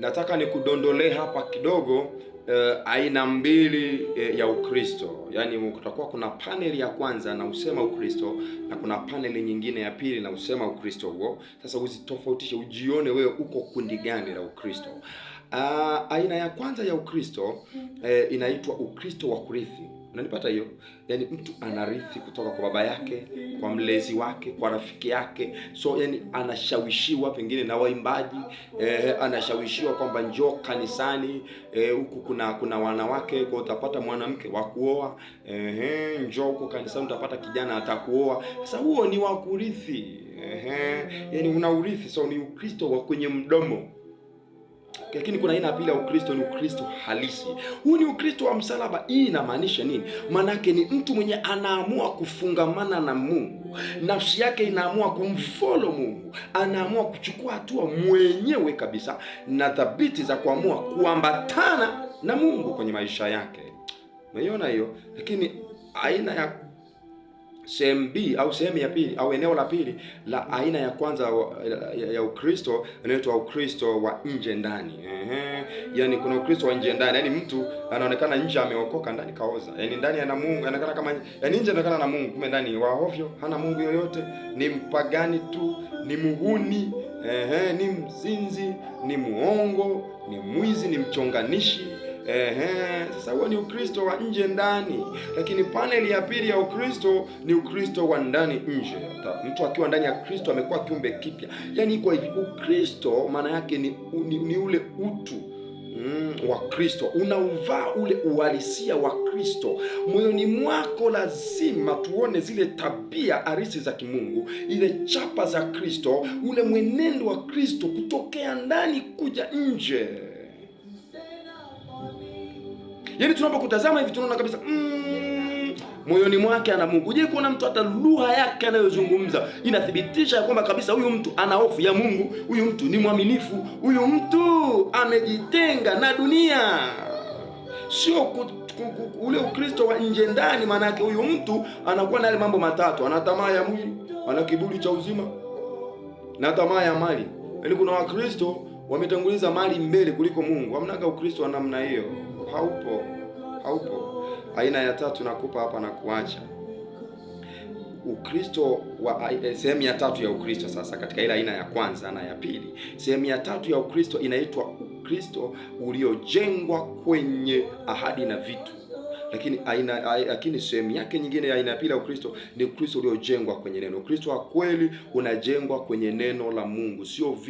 nataka nikudondolee hapa kidogo uh, aina mbili eh, ya Ukristo. Yaani kutakuwa kuna paneli ya kwanza na usema Ukristo na kuna paneli nyingine ya pili na usema Ukristo huo. Sasa uzitofautishe, ujione wewe uko kundi gani la Ukristo. Uh, aina ya kwanza ya Ukristo mm. eh, inaitwa Ukristo wa kurithi unanipata hiyo? Yani mtu anarithi kutoka kwa baba yake, kwa mlezi wake, kwa rafiki yake, so yani anashawishiwa pengine na waimbaji eh, anashawishiwa kwamba njoo kanisani eh, huku eh, kuna kuna wanawake kwa utapata mwanamke wa kuoa eh, njoo huko kanisani utapata kijana atakuoa. Sasa huo ni wa kurithi eh, yani una urithi, so ni Ukristo wa kwenye mdomo lakini kuna aina ya pili ya Ukristo, ni Ukristo halisi. Huu ni Ukristo wa msalaba. Hii inamaanisha nini? Maanake ni mtu mwenye anaamua kufungamana na Mungu, nafsi yake inaamua kumfolo Mungu, anaamua kuchukua hatua mwenyewe kabisa na thabiti za kuamua kuambatana na Mungu kwenye maisha yake. Umeiona hiyo? Lakini aina ya sehemu B au sehemu ya pili au eneo la pili la aina ya kwanza ya Ukristo inaitwa Ukristo wa nje ndani. Ehe, yani kuna Ukristo wa nje ndani, yaani mtu anaonekana nje ameokoka, ndani kaoza. yaani ndani ana Mungu, anaonekana kama yaani nje anaonekana na Mungu, kumbe ndani waovyo, hana Mungu yoyote, ni mpagani tu, ni muhuni, ehe, ni mzinzi, ni muongo, ni mwizi, ni mchonganishi Ehe, sasa huo ni Ukristo wa nje ndani, lakini paneli ya pili ya Ukristo ni Ukristo wa ndani nje. Mtu akiwa ndani ya Kristo amekuwa kiumbe kipya, yaani kwa hivi Ukristo maana yake ni, ni, ni ule utu Mm, wa Kristo unauvaa ule uhalisia wa Kristo moyoni mwako. Lazima tuone zile tabia arisi za kimungu, ile chapa za Kristo, ule mwenendo wa Kristo kutokea ndani kuja nje. Yaani tunapokutazama hivi tunaona kabisa mm, moyoni mwake ana Mungu. Je, kuna mtu hata lugha yake anayozungumza inathibitisha kwamba kabisa huyu mtu ana hofu ya Mungu, huyu mtu ni mwaminifu, huyu mtu amejitenga na dunia. Sio ule Ukristo wa nje ndani, maana yake huyu mtu anakuwa na yale mambo matatu, ana tamaa ya mwili, ana kiburi cha uzima na tamaa ya mali. Yaani kuna Wakristo wametanguliza mali mbele kuliko Mungu. Hamnaga Ukristo wa namna hiyo haupo, haupo. Aina ya tatu nakupa hapa na kuacha Ukristo wa eh, sehemu ya tatu ya Ukristo. Sasa katika ile aina ya kwanza na ya pili, sehemu ya tatu ya Ukristo inaitwa Ukristo uliojengwa kwenye ahadi na vitu lakini aina eh, lakini sehemu yake nyingine ya aina ya pili ya Ukristo ni Ukristo uliojengwa kwenye neno. Ukristo wa kweli unajengwa kwenye neno la Mungu, sio vitu.